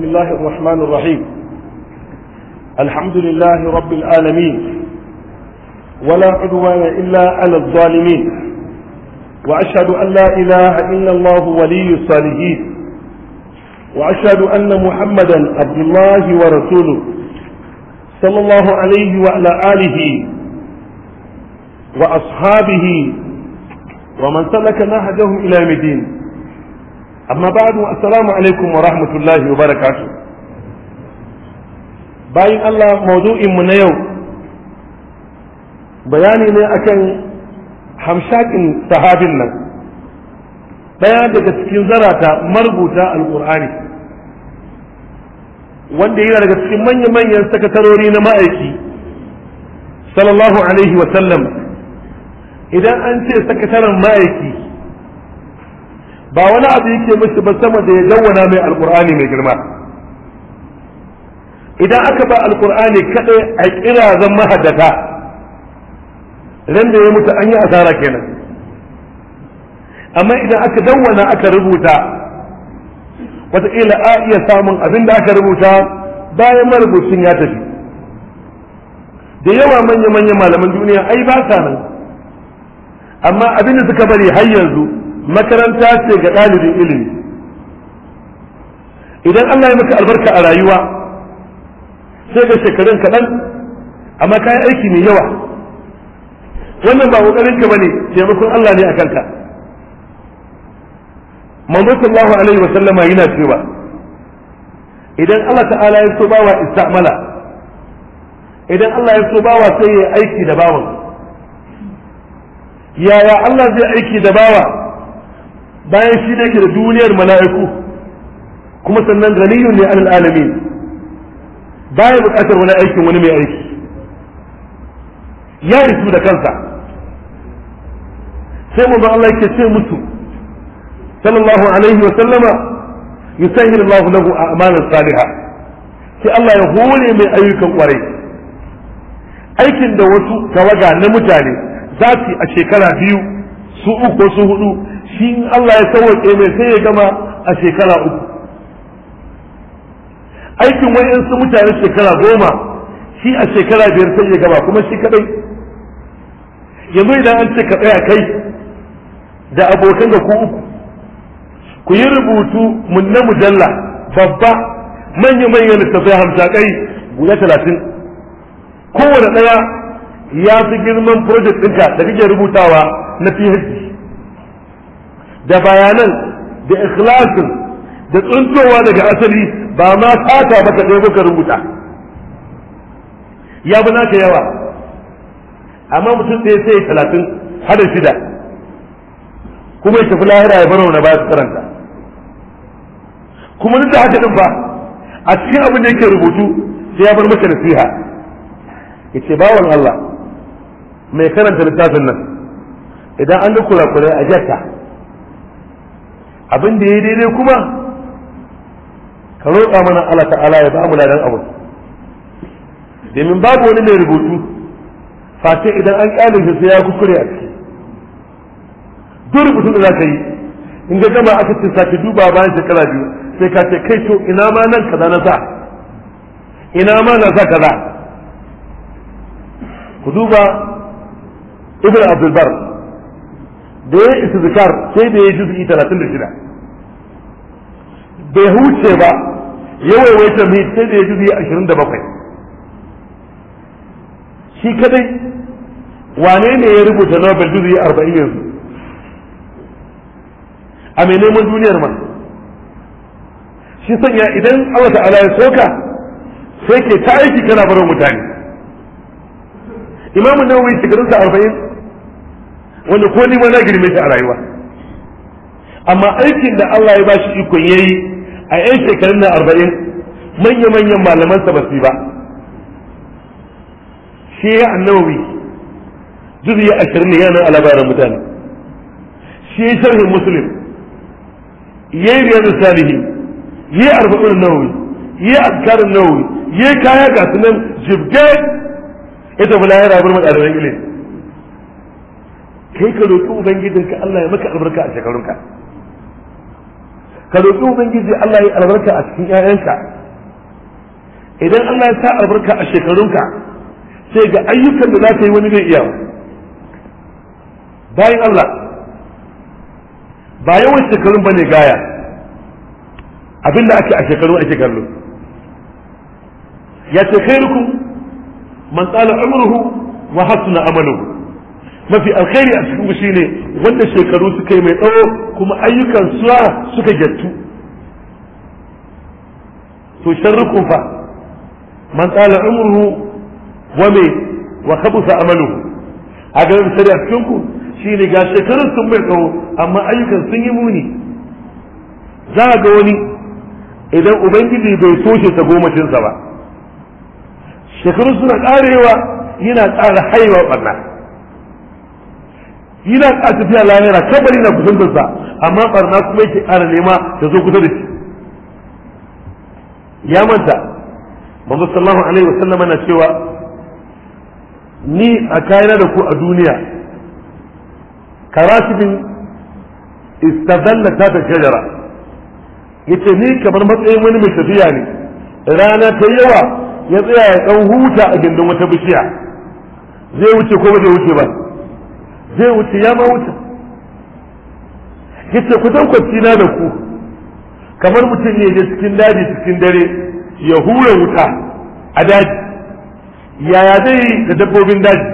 بسم الله الرحمن الرحيم الحمد لله رب العالمين ولا عدوان إلا على الظالمين وأشهد أن لا إله إلا الله ولي الصالحين وأشهد أن محمدا عبد الله ورسوله صلى الله عليه وعلى آله وأصحابه ومن سلك نهجهم إلى مدينه amma ba'du assalamu alaikum wa rahmatullahi wa barakatu, bayan Allah mawdu'in mu na yau bayani ne akan hamshakin sahabin nan daya daga cikin zarata marubuta alqur'ani wanda yana daga cikin manya-manyan sakatarori na ma'aiki sallallahu alaihi wa sallam idan an ce sakataren ma'aiki ba wani abu yake mishi ba sama da ya dawwana mai alkur'ani mai girma idan aka ba alkur'ani kadai a kira zan mahaddata ran da ya mutu an yi asara kenan amma idan aka dawwana aka rubuta wataƙila a iya samun abin da aka rubuta bayan marubucin ya tafi da yawa manya-manyan malaman duniya ai ba sa nan amma abin da suka bari har yanzu makaranta ce ga ɗalibin ilimi idan Allah ya maka albarka a rayuwa sai ga shekarun kaɗan amma ka yi aiki mai yawa wannan ba ƙoƙarinka ba ne taimakon Allah ne a kanka manzo sallallahu alaihi wasallama yana cewa idan Allah ta'ala ya so bawa istamala idan Allah ya so bawa sai ya aiki da bawan yaya Allah zai aiki da bawa bayan shi da ke da duniyar mala'iku kuma sannan ganiyun ne alal alami baya bukatar wani aikin wani mai aiki ya isu da kansa sai mu Allah yake ce musu sallallahu alaihi wa sallama yusahhiru Allah lahu amanar saliha sai Allah ya hore mai ayyukan kwarai aikin da wasu tawaga na mutane za su a shekara biyu su uku su hudu shi in Allah ya sauwaƙe mai sai ya gama a shekara uku aikin su mutane shekara goma shi a shekara biyar sai ya gama kuma shi kadai yanzu idan an ce ka tsaya kai da abokan da ku uku ku yi rubutu mun na mujalla babba manya-manyan manya littattafai kai guda talatin kowane ɗaya ya fi girman project ɗinka da kake rubutawa na PhD da bayanan da ikhlasin da tsuntowa daga asali ba ma tata ba ka ɗaya muka rubuta ya bi naka yawa amma mutum ɗaya sai talatin har shida kuma ya tafi lahira ya bar wani ba su karanta kuma duk da haka din fa a cikin abin da yake rubutu sai ya bar maka nasiha yace bawan Allah mai karanta littafin nan idan an ga kurakurai a jarta. abin da ya daidai kuma ka roƙa mana Allah ta'ala ya ba mu ladan abu domin babu wani mai rubutu face idan an kyale shi sai ya kuskure a ciki duk rubutun da za ka yi in ga gama aka ce sake duba bayan shekara biyu sai ka ce kai to ina ma nan kaza na sa ina ma na sa kaza ku duba ibn abdul da ya isi zikar sai da ya juz'i talatin da shida bai huce ba ya waiwaita mai sai da ya juz'i ashirin da bakwai shi kadai wane ne ya rubuta nobel juz'i arba'in yanzu a mai neman duniyar man shi sanya idan Allah ta'ala ya soka sai ke ta aiki kana barin mutane imamu nawawi shekarunsa arba'in wanda ko ni ma na girme shi a rayuwa amma aikin da Allah ya bashi ikon yayi a yan shekarun na arba'in manya-manyan malamansa ba su ba shi ya annawi juzi ya ashirin ne yana alabarin mutane shi ya sharhin musulun ya yi riyar salihi ya yi arba'in nawawi ya yi azkarin nawawi ya yi kaya ga sunan jibgai ita bula ya rabu matsalarin ilimi kai ka roƙi ubangijinka Allah ya maka albarka a shekarunka ka roƙi ubangiji Allah ya albarka a cikin ƴaƴanka idan Allah ya sa albarka a shekarunka sai ga ayyukan da za ka yi wani zai iya bayan Allah ba yawan shekarun ba ne gaya abin da ake a shekaru ake shekaru ya ce khairukum man tsala umruhu wa hasuna amaluhu mafi alkhairi a cikin shi ne wanda shekaru suka yi mai tsawo kuma ayyukan suwa suka gyattu to sharrukun fa man tsala umruhu wa mai wa khabusa amalu a ga misali a cikin ku ne ga shekarun sun mai tsawo amma ayyukan sun yi muni za a ga wani idan ubangiji bai toshe ta gomashinsa ba shekaru suna karewa yana ƙara haiwa ɓarna. yana a tafiya lahira kabari na kusantarsa amma barna kuma yake ƙara nema ya zo kusa da shi ya manta manzo sallallahu alaihi wasallam na cewa ni a kayana da ku a duniya karatibin istadalla ta da shajara yace ni kamar matsayin wani mai tafiya ne rana ta yawa ya tsaya ya ɗan huta a gindin wata bishiya zai wuce ko ba zai wuce ba zai wuce ya ma wuce yace ku dan kwanci na da ku kamar mutum ne da cikin daji cikin dare ya hura wuta a daji yaya zai yi da dabbobin daji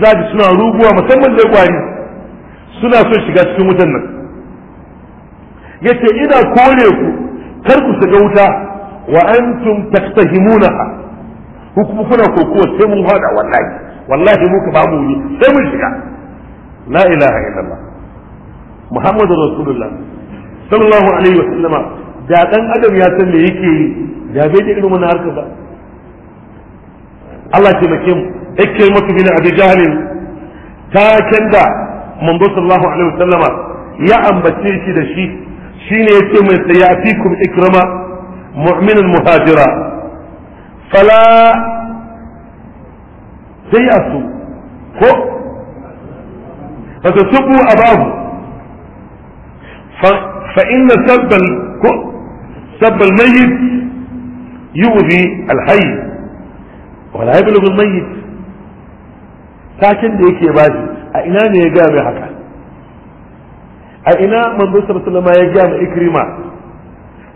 za suna ruguwa musamman da kwari suna so shiga cikin wutan nan yace ina kore ku kar ku shiga wuta wa antum taqtahimunaha hukumuna kuna kokowa sai mun hada wallahi wallahi mu ka ba mu wuri sai mun shiga la ilaha illallah muhammadur rasulullah sallallahu alaihi wasallama da dan adam ya san me yake yi da bai da irin na harka ba Allah ya taimake mu ikrimatu bin abi jahlin ta kanda manzo sallallahu alaihi wasallama ya ambace shi da shi shine yace mai sayatikum ikrama mu'minun muhajira fala sai a su ko fata a abahu fa inna sabbal ko sabbal mayyit yu'zi alhayy wala yablughu almayyit takin da yake bashi a ina ne ya ga mai haka a ina manzo sallallahu alaihi ya ga mai ikrima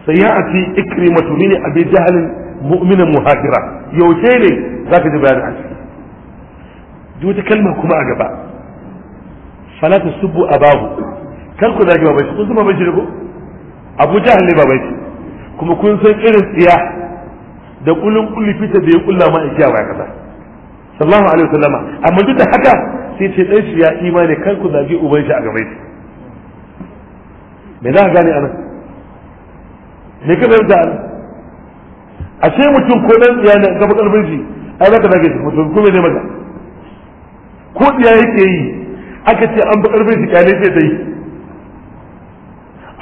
سيأتي إكرمة من أبي جهل مؤمنا مهاجرا يوشيني ذاك bayanin عشي duk wata kalma kuma a gaba fala ta a abahu kar ku zagi babanci kun san babanci ne ko abu jahal ne babanci kuma kun san irin tsiya da kulun kulli fita da ya kulla ma a kiyawa kaza sallallahu alaihi wasallam amma duk da haka sai ce dan shi ya imani kar ku zagi uban shi a gaba shi me za ka gane anan me ka bayyana anan ashe mutum ko dan tsiya ne ga bakar birji ai za ka zage shi mutum kuma ne maka ko tsiya yake yi aka ce an bi karfin shi kyale sai dai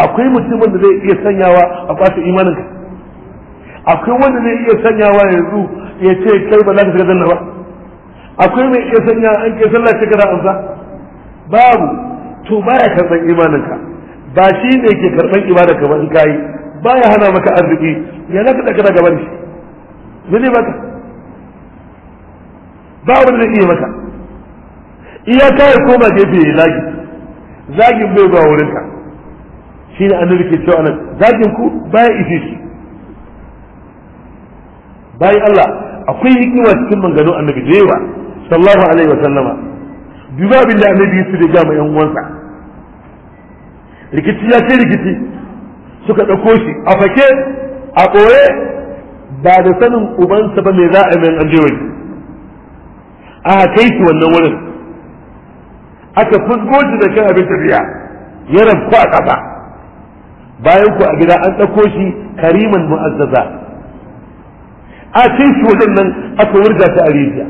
akwai mutumin da zai iya sanyawa a kwace imanin akwai wanda zai iya sanyawa yanzu ya ce kai ba za ka shiga janna ba akwai mai iya sanya an ke sallah ce amsa babu to baya karban imanin ka ba shi ne ke karban imanin ka ba in kai baya hana maka arziki ya zaka da daga bari shi ne baka babu da zai iya maka iyaka ya koma gefe ya zagi zagin bai ba wurinka shi ne annabi ke cewa nan zagin ku baya ishe shi bayan Allah akwai hikima cikin manganu annabi da yawa sallallahu alaihi wa sallama duba abin da annabi su da gama yan uwansa rikici ya ce rikici suka ɗauko shi a fake a ɓoye ba da sanin ubansa ba mai za a yi an je a kai shi wannan wurin aka fusgo shi da kan abin tafiya ya ranku a ƙasa bayan ku a gida an ɗauko shi kariman mu'azzaza a cin shi wajen nan aka wurga ta a rijiya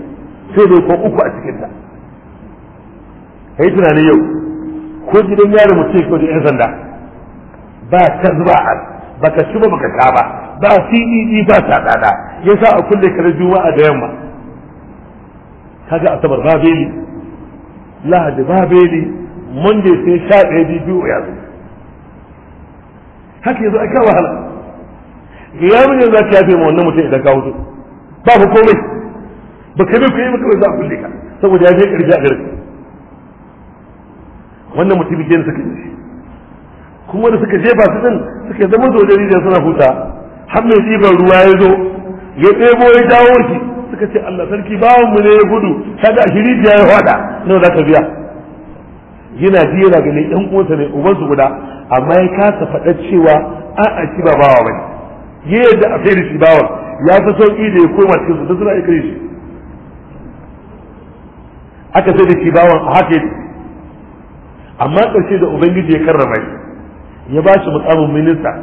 sai da uku a cikin ta kai tunanin yau ko gidan yaro mutum ko da 'yan sanda ba ta zuba ba ka ci ba baka sha ba ba cdd e e ba ta dada yasa a kulle kare juma'a da yamma kaga asabar ba beli lahadi ba bai monday sai sha ɗaya biyu ya zo haka yanzu aka wahala ga mun yanzu za ka yafe ma wannan mutum idan ka hutu ba ku komai ba ka bai yi maka za a kulle ka saboda ya je ƙarfi a ƙarfi wannan mutum ke suka yi kuma da suka jefa su din suka zama dodari da suna huta har mai ɗiban ruwa ya zo ya ɗebo ya dawo shi suka ce Allah sarki bawon mu ne ya gudu kaga ashiri da ya fada nawa zaka biya yana ji yana gani ɗan uwansa ne ubansu guda amma ya kasa faɗa cewa a'a shi ba bawa bane ya yadda a sayar shi bawan ya fi sauƙi da ya koma cikin su da suna ikire shi aka sai da shi bawan a haka amma ƙarshe da ubangiji ya karrama shi ya ba shi mukamin minista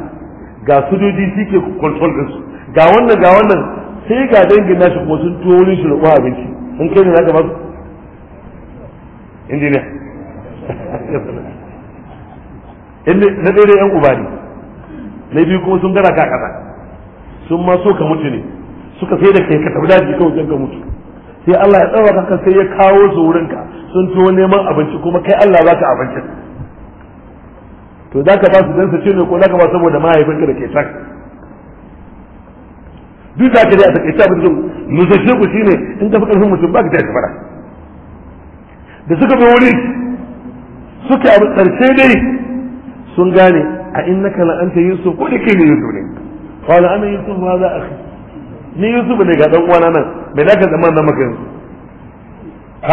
ga sojoji shi ke da ɗinsu ga wannan ga wannan sai ga dangin nashi kuma sun tuwo wurin shi roƙo abinci sun kai ne za ka ba su injiniya na ɗaya yan uba ne na biyu kuma sun gara ka kasa sun ma so ka mutu ne suka sai da kai ka tafi daji kawai zan ka mutu sai Allah ya tsawa kanka sai ya kawo su wurinka sun tuwo neman abinci kuma kai Allah za ka abincin to za ka ba su don su ce ne ko za ka ba saboda mahaifinka da ke can duk za ka dai a takaice abin zo nusashe ku shine in ka fi mutum ba ka tashi fara da suka bi wuri suka abu karshe dai sun gane a innaka la anta yusuf ko da ke ne yusuf ne qala ana yusuf ma za akhi ni yusuf ne ga dan uwana nan mai da ka zaman nan maka yanzu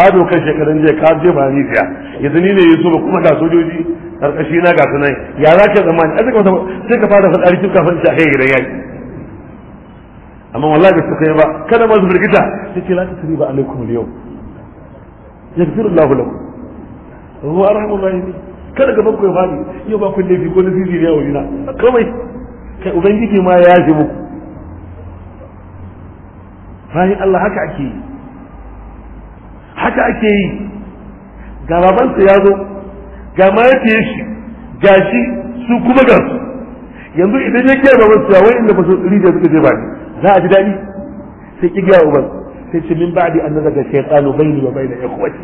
ka dokar shekarun jiya ka je ba ni jiya yanzu ni ne yusuf kuma ga sojoji karkashi na ga sunan ya za ka zamani a sai ka fara faɗa rikin kafin shi a kai gidan yaki amma wallahi bai tuka ba kada ma su firgita sai la tasri ba alaikum al-yawm yaghfiru Allah lakum wa arhamu arhamur rahimin kada ga ku ya fadi yau ba kun laifi ko na zizi ne a wurina kawai kai ubangiji ma ya ji muku bayan Allah haka ake yi haka ake yi ga babansa ya zo ga mahaifiyar shi ga shi su kuma ga su yanzu idan ya kiyaye babansa wai inda ba su tsiri da suka je ba ne za a ji dadi sai ki gaya uban sai ce min ba'di an nazaga shaytanu bayni wa bayna ikhwati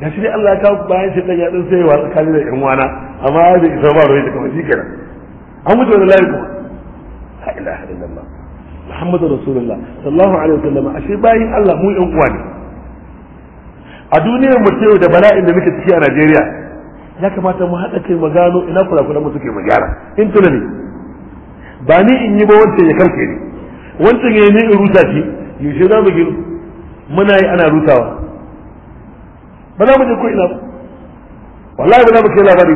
da shi ne Allah ya kawo bayan shi dan ya dan sai wa tsakanin da ƴan wana amma da isa ba roye da kamar shikenan an mutu da lafiya kuma la ilaha illallah muhammadu rasulullah sallallahu alaihi wasallam ashe bayin Allah mu ƴan uwa ne a duniyar mu yau da bala'in da muke ciki a Najeriya ya kamata mu haɗa kai mu gano ina kula mu suke mu gyara in tuna ne ba ni in yi ba wancan ya karke ne wancan ya ne in rusa shi yaushe za mu gina muna yi ana rutawa ba za mu je ko ina ba wallahi ba za mu kai labari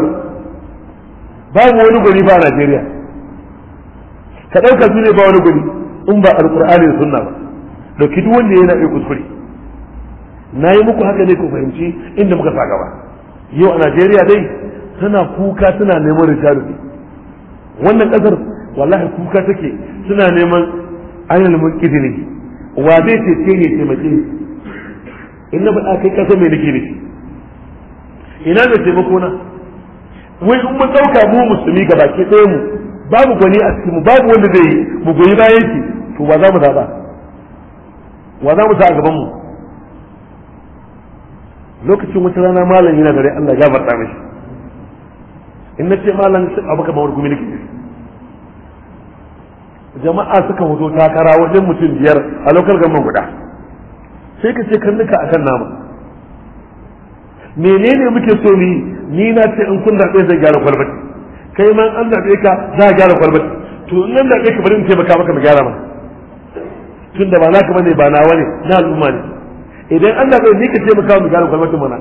ba babu wani gwani ba a Najeriya ka ɗauka su ne ba wani gwani in ba alƙur'ani da sunna ba dauki duk wanda yana iya kuskure na yi muku haka ne ku fahimci inda muka saka ba yau a Najeriya dai tana kuka tana neman ritarufi wannan ƙasar wallahi kuka take suna neman ainihin mun ne wa zai ce ne taimake ni in na faɗa kai ƙasa mai nake ne ina mai taimako na wai in mun ɗauka mu musulmi ga baki ɗaya mu babu gani a cikin mu babu wanda zai yi mu goyi bayan shi to ba za mu zaɓa wa za mu sa a gaban mu lokacin wata rana malam yana da rai Allah ya farta mishi in na ce malam abu kamar gumi nake jama'a suka fito takara wajen mutum biyar a lokal gaman guda sai ka ce karnuka akan nama menene muke so ni ni na ce in kun zaɓe zai gyara kwalbati kai ma an zaɓe ka za a gyara kwalbati to in an zaɓe ka bari in taimaka maka mu gyara ma tun da ba naka bane ba nawa ne na al'umma ne idan an zaɓe ni ka taimaka mu gyara kwalbati mana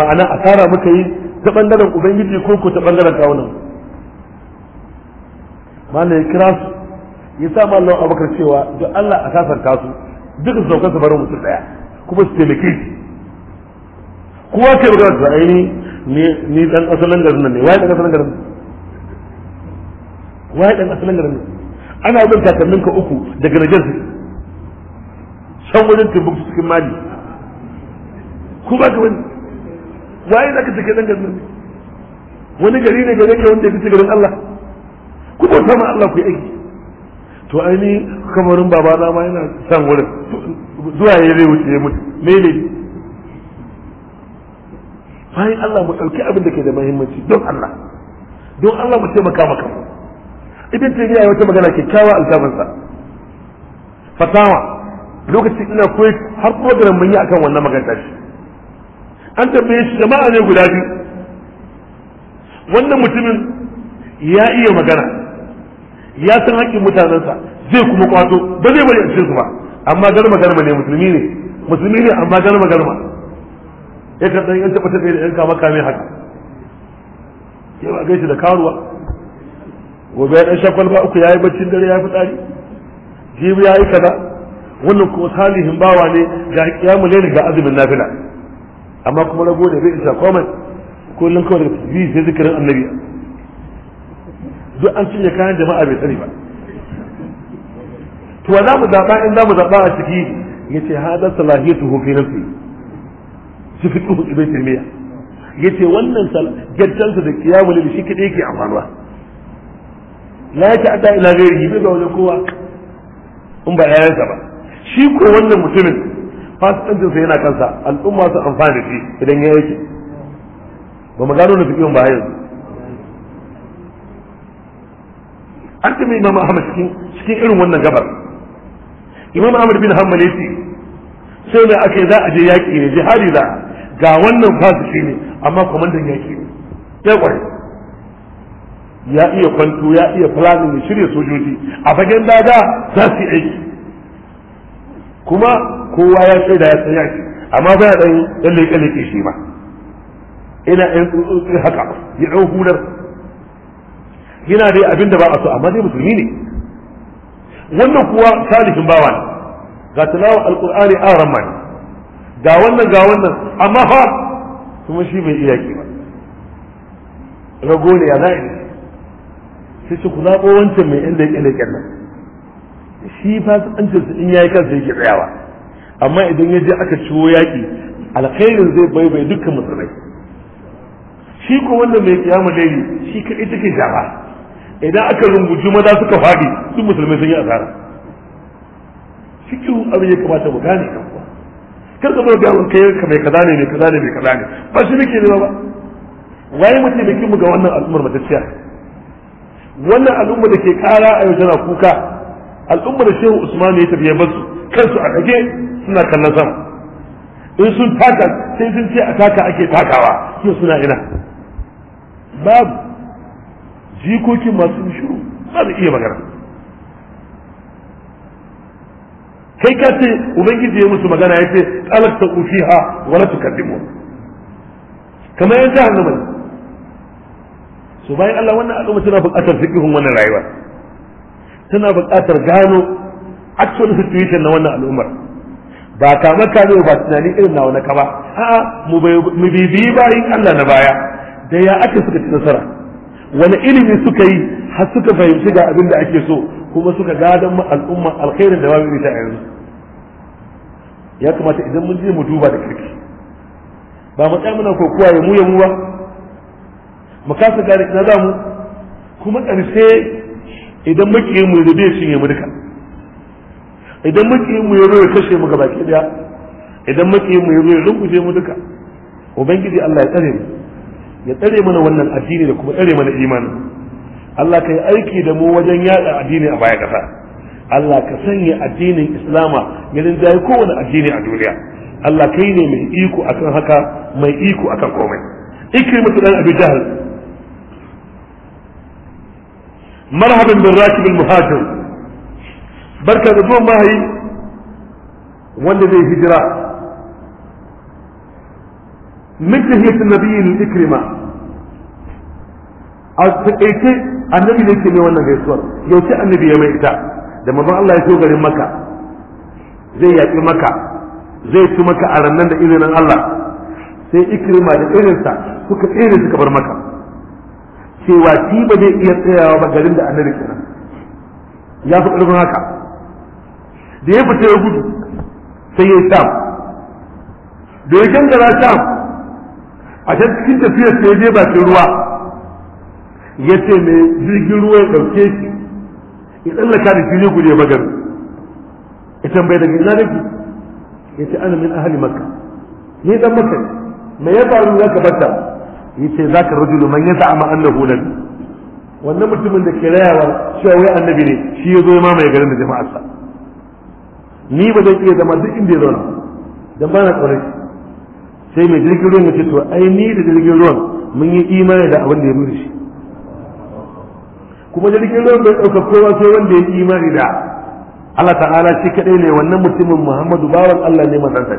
ma'ana asara muka yi ta ɓangaren ubangiji ko ko ta ɓangaren kawunan ma ya kira su ya sa ma Allah Abubakar cewa duk Allah a kasar kasu duka su saukar su bar mutum daya kuma su taimake shi kowa kai magana da aini ni dan asalin garin nan ne wai dan asalin garin wai dan asalin garin ana bin takalmin ka uku daga Najar su san wajen Timbuktu cikin Mali ku ba ka wani wai zaka take dan garin nan wani gari ne garin ka wanda ya fi garin Allah ku bauta ma Allah ku yi aiki to aini kamarin baba na ma yana san wurin zuwa ya zai wuce ya mutu mene bayan Allah mu ɗauki abin da ke da muhimmanci don Allah don Allah mu taimaka maka mu ibn taymiya ya wata magana kyakkyawa sa fatawa lokacin ina koyi har program mun yi akan wannan magana shi an tambaye shi jama'a ne guda biyu wannan mutumin ya iya magana ya san haƙƙin mutanensa zai kuma kwato ba zai bari a cikin su ba amma garma garma ne musulmi ne musulmi ne amma garma garma ya kan dan yan ta tabe da yan kama kame haka ya ba gaishe da karuwa gobe ya ɗan shakwal ba uku ya yi baccin dare ya fi tsari jibi ya yi kaza wannan ko salihin bawa ne ga kiyamul layl ga azumin nafila amma kuma rago da bai isa komai kullum kawai bi sai zikirin annabi duk an cinye kayan jama'a bai sani ba to za mu zaɓa in za mu zaɓa a ciki ya ce hada salahiyatu hu fi nafsi su fi tuhu ibn tirmiya ya ce wannan gaddansa da kiyamul shi kaɗai yake amfanuwa la ya ta'ata ila ghairihi bai ba kowa in ba yayansa ba shi ko wannan mutumin fasikancinsa yana kansa al'umma su amfana da shi idan ya yake ba mu gano na fiƙin ba yanzu an taɓa imam ahmad cikin cikin irin wannan gabar imam ahmad bin hanbal ya ce sai mai aka za a je yaƙi ne jihadi za ga wannan shi ne amma kwamandan yaƙi ne ya ƙware ya iya kwanto ya iya planning ya shirya sojoji a fagen dada za su yi aiki kuma kowa ya shaida ya san yaƙi amma baya ɗan ɗan leƙe-leƙe shi ma ina ɗan haka ya ɗan hular yana dai abin da ba a so amma dai musulmi ne wannan kuwa salihin bawa ne ga tilawa alqur'ani an ramma ne ga wannan ga wannan amma fa kuma shi bai iya ki ba rago ne ya zai sai su kula ko wancan mai inda yake leƙen nan shi fasikancin su in yayi kansa yake tsayawa amma idan ya je aka ciwo yaki alkhairin zai bai bai dukkan musulmai shi ko wannan mai kiyama dai shi kadai take jaba idan aka rungucu maza suka faɗi sun musulmai sun yi asara cikin abin ya kamata mu gane kan kuwa kar ka zo ga kai ka mai kaza ne mai kaza ne mai kaza ne ba shi muke nema ba waye mu taimakin mu ga wannan al'ummar matacciya wannan al'umma da ke kara a yau tana kuka al'ummar shehu usman ya tafiye basu kansu a kage suna kallon sama in sun taka sai sun ce a taka ake takawa yau suna ina babu jikokin masu shiru ba su iya magana kai ka ce ubangiji ya musu magana ya ce tsalakta ufiha wala dimo. kamar yan jahannama ne su bayan Allah wannan al'umma tana buƙatar fiqihun wannan rayuwa tana buƙatar gano actual situation na wannan al'ummar ba kama ka ne ba tunani irin na ka ba a'a mu bibi bayin Allah na baya da ya ake suka ci nasara wani ilimi suka yi har suka fahimci ga abin da ake so kuma suka gadon ma al'umma alkhairin da babu ita a yanzu ya kamata idan mun je mu duba da kirki ba mu tsaya muna kokowa ya mu ya mu ba mu kasa gane ina za mu kuma ƙarshe idan muke mu da bai ne mu duka idan muke mu ya ya kashe mu gabaki daya idan muke mu ya ya rubuce mu duka ubangiji Allah ya tsare mu ya tsare mana wannan addini da kuma tsare mana imani Allah ka yi aiki da mu wajen yada addini a baya kasa Allah ka sanya addinin Islama ya rinjaye kowane addini a duniya Allah kai ne mai iko akan haka mai iko akan komai mutu dan Abi jihar, marhaban bin rakib al-muhajir barka da zuwa mahayi wanda zai hijira min tahiyatin nabiyyin ikrima a taƙaice annabi ne ke mai wannan gaisuwar yaushe annabi ya mai ita da manzon Allah ya zo garin maka zai yaƙi maka zai ci maka a rannan da izinin Allah sai ikrima da irinsa suka tsere suka bar maka cewa shi ba zai iya tsayawa ba garin da annabi kenan ya fi ƙarfin haka da ya fita ya gudu sai ya sam da ya gangara sam a can cikin tafiyar sai je bakin ruwa ya ce mai jirgin ruwa ya ɗauke shi ya tsallaka da fili guje magar ya tambaye daga ina nake ya ce ana min ahali maka ni dan makka me ya faru za ka bata ya ce za ka rajulu man ya za'ama annahu nabi wannan mutumin da ke rayawa cewa wai annabi ne shi ya zo ya mamaye garin da jama'arsa ni ba zan iya zama duk inda ya zauna dan ba na tsoron sai mai jirgin ruwan ya ce to ai ni da jirgin ruwan mun yi imani da abin da ya muri shi kuma jirgin ruwan bai ɗauka kowa sai wanda ya yi imani da Allah ta'ala shi kaɗai ne wannan mutumin Muhammadu bawan Allah ne mazansa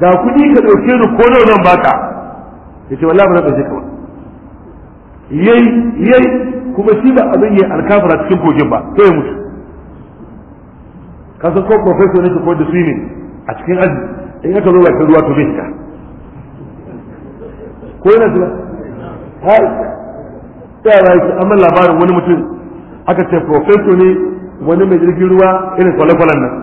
ga kuɗi ka ɗauke ni ko nawa zan baka yace wallahi ba zan ɗauke ka ba yayi yayi kuma shi ba abin yayi alkafara cikin kogin ba sai ya mutu kasan ko professor ne ko da ne a cikin aji in aka zo bakin ruwa to bai shiga ko yana zuwa har ta yana yake amma labarin wani mutum aka ce profeso ne wani mai jirgin ruwa irin kwale-kwalen nan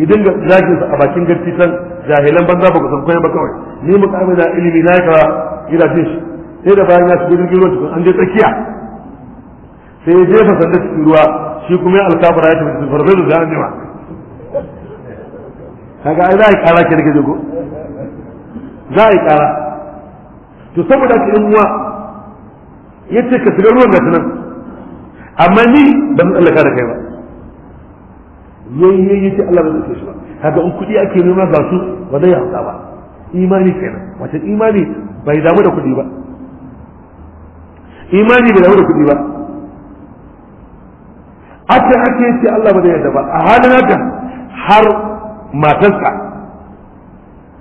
ya dinga sa a bakin garki can jahilan banza ba ku san koyan ba kawai ni mukamin na ilimi na yaka ina jin shi sai da bayan ya shiga jirgin ruwa cikin an je tsakiya sai ya jefa sanda cikin ruwa shi kuma ya alkafara ya tafi farfeso da an jima kaga ai za a kara ki rike jago za a kara to saboda ki in uwa yace ka shiga ruwan gasu nan amma ni ban tsallaka da kai ba yayi yayi ce Allah ba zai shi ba kaga in kudi ake nema ga su ba zai hauka ba imani kenan wato imani bai damu da kudi ba imani bai damu da kudi ba ake ake ce Allah ba zai yarda ba a halin haka har matarsa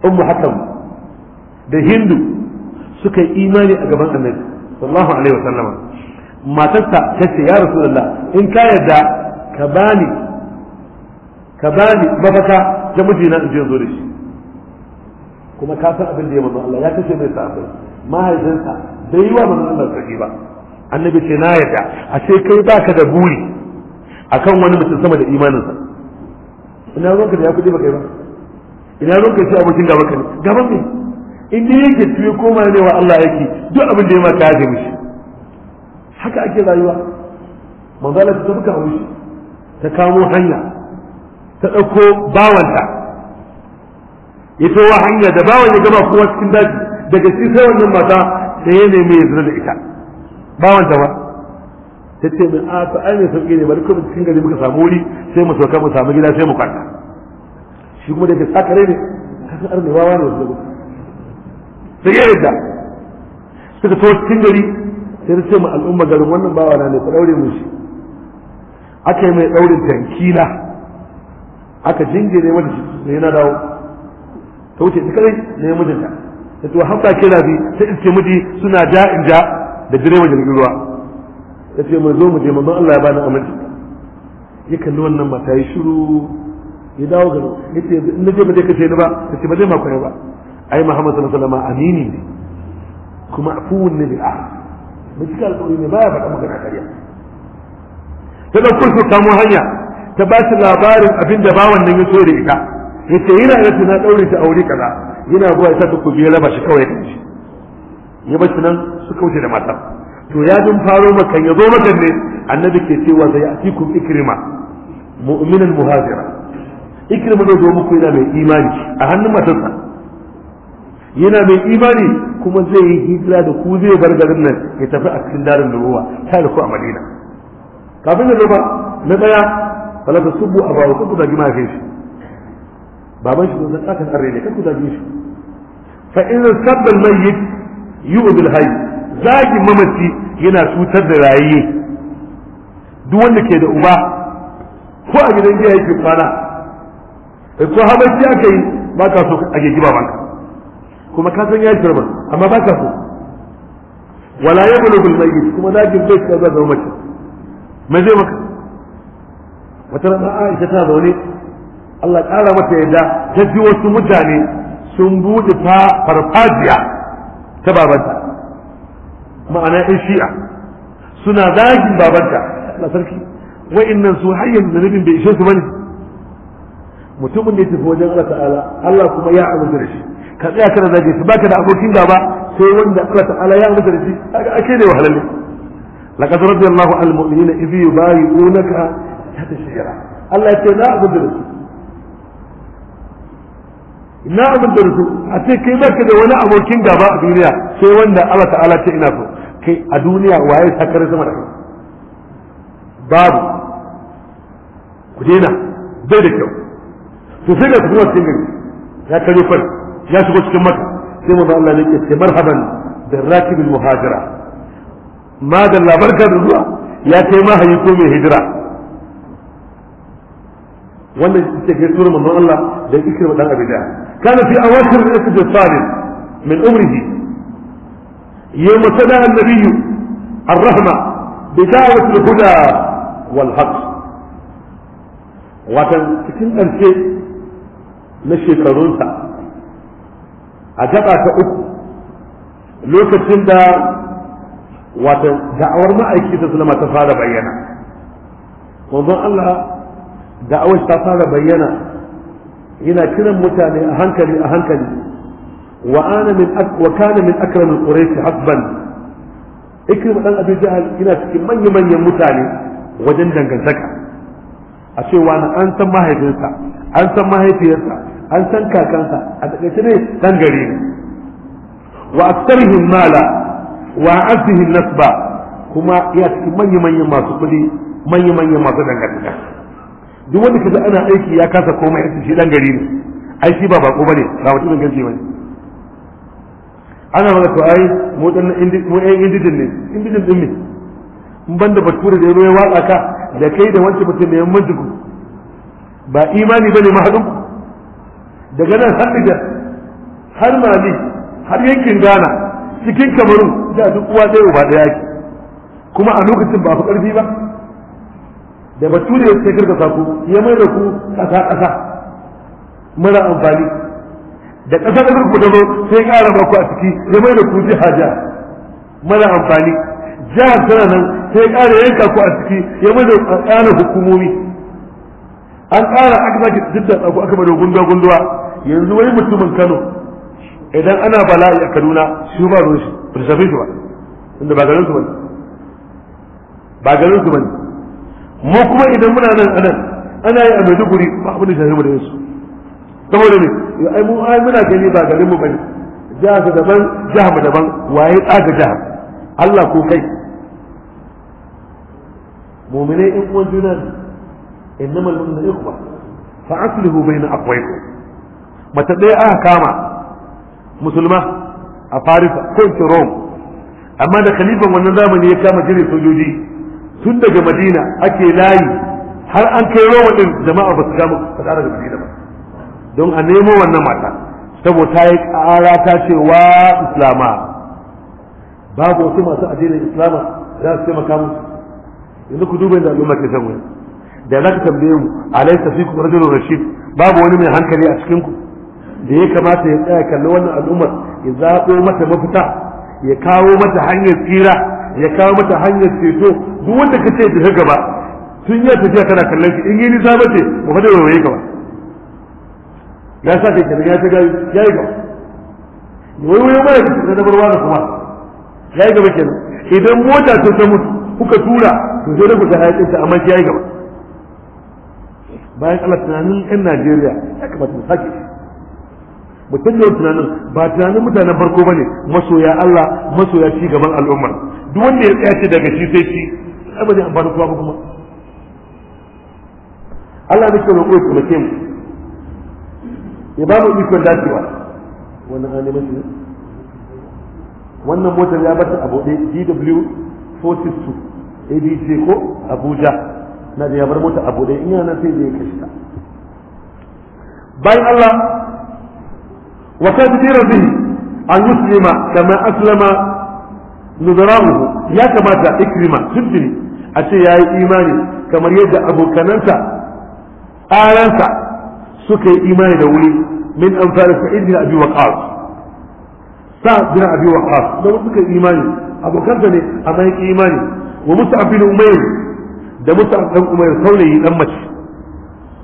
ummu hakan da hindu suka yi imani a gaban annabi sallallahu alaihi wasallam matarsa ta ce ya rasulullah in ka yarda ka bani ka bani mafaka ta mijina in je zo da shi kuma ka san abin da ya manzo Allah ya kace mai sahabbai mahaifinsa bai yi wa manzo Allah sahi ba annabi ce na yarda a sai kai baka da buri akan wani mutum sama da imaninsa ina ruwanka da ya kuɗi baka yi ba ina ruwanka sai abokin gaba ka ne gaban me in dai yake tuye koma ne wa Allah yake duk abin da ya maka ya mishi haka ake rayuwa manzala ta buka haushi ta kamo hanya ta ɗauko bawanta ya towa hanya da bawan ya gama kowa cikin daji daga cikin sai wannan mata da ya nemi ya zira da ita bawanta ba tace min a ta ai sauƙi ne bari kuma cikin gari muka samu wuri sai mu sauka mu samu gida sai mu kwanta shi kuma da ke sakare ne kasan arnewa wani wasu sai ya yadda suka to cikin gari sai ta ce mu al'umma garin wannan bawa na ne ku daure mu shi aka yi mai daurin tankila aka jingire mata shi ne yana dawo ta wuce ta kai ne mijinta ta to hamba kira bi sai iske miji suna ja in ja da direban jirgin ruwa ya ce mai zo mu je mamman Allah ya bani aminci ya kalli wannan mata ya shiru ya dawo garo ya ce in na je ba zai kace ni ba ta ce ba zai makwai ba ai Muhammad sallallahu alaihi wasallam amini ne kuma afuwun ne bil'a ba cika alƙawari ne baya faɗa magana ƙarya ta ɗauko su kamo hanya ta ba shi labarin abin da bawan nan ya so da ita ya ce yana da na ɗaure ta aure kaza yana zuwa ya sa ta ku biya raba shi kawai kan shi ya shi nan su wuce da matar to ya dun faro maka ya zo maka ne annabi ke cewa sai atikum ikrima mu'minan muhajira ikrima zai zo muku yana mai imani a hannun matarsa yana mai imani kuma zai yi hijira da ku zai bar garin nan ya tafi a cikin darin ruwa ta da ku a madina kafin da ruwa na tsaya falaka subbu a bawa ku zagi ke shi baban shi zai tsaka tsakan arre ne kan ku zagi shi fa in sabbal mayyit yu'dil hayy zagi mamaci yana cutar da raye duk wanda ke da uba ko a gidan jiya yake kwana ko habanci aka yi ba ka so a gigi babanka kuma ka san yayi yi amma ba ka so wala ya bulu bulmayi kuma zagin bai ka zama mace me zai maka wata rana aisha ta zaune Allah ƙara mata yadda ta ji wasu mutane sun bude farfajiya ta babanta ma'ana yan shi'a suna zagin babanta na sarki wa'annan su har yanzu zunubin bai ishe su bane mutumin da ya tafi wajen Allah ta'ala Allah kuma ya amince da shi ka tsaya kana zagin shi baka da abokin gaba sai wanda Allah ta'ala ya amince da shi ake ne wahalalle laqad radiyallahu al mu'minina idh yubayi'unaka tahta shajara Allah ya ce na abu da su na abu da su a ce kai baka da wani abokin gaba a duniya sai wanda Allah ta'ala ce ina so kai a duniya waye sakar sama da babu ku daina bai da kyau to sai ga kuma cikin gari ya kare far ya shigo cikin mata sai manzo Allah ne ya ce marhaban da rakibil muhajira ma da labarka da zuwa ya kai hayi ko mai hijira wannan ita ke tura manzon Allah da ikrima dan abida kana fi awasir da asr salih min umrihi يوم يمتنا النبي الرحمة بداية الهدى والحق وكان تكن أنتي نشي كرونتا أجابا تأكد لوكا تندا وكان دعور ما أيكي تسلم تفعل بينا وضع الله دعوة تفعل بينا هنا كنا متاني أهنكني أهنكني وانا من أك وكان من اكرم القريش حسبا اكرم ابن ابي جهل الى سكن من يمن يمتاني وجن دنگنتك أشي وأنا أنت ما هيتنسا فيرسا أنت ما هي فيرسا أنت كاكانسا أنت كتني دنگرين وأكثرهم مالا واعزه النسبة كما يا سكن من يمن يما كدي من يمن يما دنگنتك duk wanda kaga ana aiki ya kasa komai shi dan gari ne ai shi ba bako bane ba mutumin gaji bane ana mana to ai mu dan mu ɗan indijin ne indijin din ne ban banda bature da ya waka ka da kai da wancan mutum ne mijin ku ba imani bane mahadin ku daga nan har da har Mali har yankin Ghana cikin Kamarun da duk uwa ɗaya uba ɗaya yake kuma a lokacin ba fi ƙarfi ba da bature ya ce karkasa ku ya mai da ku ƙasa ƙasa mara amfani da ƙasar da ku dazo sai ƙara maku a ciki ya mai da ku haja mana amfani jihar tana nan sai ƙara yanka ku a ciki ya mai da ƙana hukumomi an ƙara aka zaki jidda tsaku aka bada da gunduwa gunduwa yanzu wani mutumin kano idan ana bala'i a kaduna shi ba ruwan shi ba shi ba inda ba garin su bane ba garin su bane mu kuma idan muna nan anan ana yi a maiduguri ba abin da shafe mu da yansu saboda ne ai mu ai muna gani ba garin mu bane jihar daban jihar daban waye tsaga jihar Allah ko kai mu'minai in uwan juna ne innamal mu'minu ikhwa fa aslihu bayna aqwaykum mata ɗaya aka kama musulma a farisa ko in rome amma da khalifan wannan zamani ya kama jirin sojoji tun daga madina ake layi har an kai roma din jama'a ba su kama su da madina ba don a nemo wannan mata saboda ta yi ƙara ta ce wa islama babu wasu masu addinin islama za su taimaka musu yanzu ku duba yadda al'umma ke san wani da za ka tambaye mu tafi fikum rajulun rashid babu wani mai hankali a cikin ku da ya kamata ya tsaya kalli wannan al'ummar ya zaɓo mata mafita ya kawo mata hanyar tsira ya kawo mata hanyar ceto duk wanda ka ce ta gaba tun yi tafiya kana kallon shi in yi nisa ba ce ba fa da waye ka ba ya sa kai kenan ya ta gari ya yi gaba wai wai mai da ta dabarwa da kuma ya yi gaba kenan idan mota ta ta mutu kuka tura to sai da ku ta ta amma ya yi gaba bayan Allah tunanin yan Najeriya ya kamata mu sake shi mu canza tunanin ba tunanin mutanen farko ne masoya Allah masoya ci gaban al'umma duk wanda ya tsaya ce daga shi sai shi ai ba zai amfani kowa ba kuma Allah ne ke roƙo ya taimake mu ya babu ikon dacewa wannan an nemi shi wannan motar ya bata abu ɗaya DW 462 abc ko Abuja na da ya bar mota abu ɗaya in yana sai da ya kashe ta bayan Allah wa tasdira bihi an yuslima kamar aslama nuzarahu ya kamata ikrima siddini a ce ya yi imani kamar yadda abokanansa aransa suka yi imani da wuri min amfani sa'id bin abi waqas sa bin abi waqas da wasu suka yi imani abokan da ne amma yake imani wa mus'ab bin umayr da mus'ab dan umayr saurayi dan mace